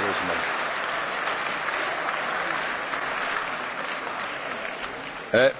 Rosemary. Uh, eh,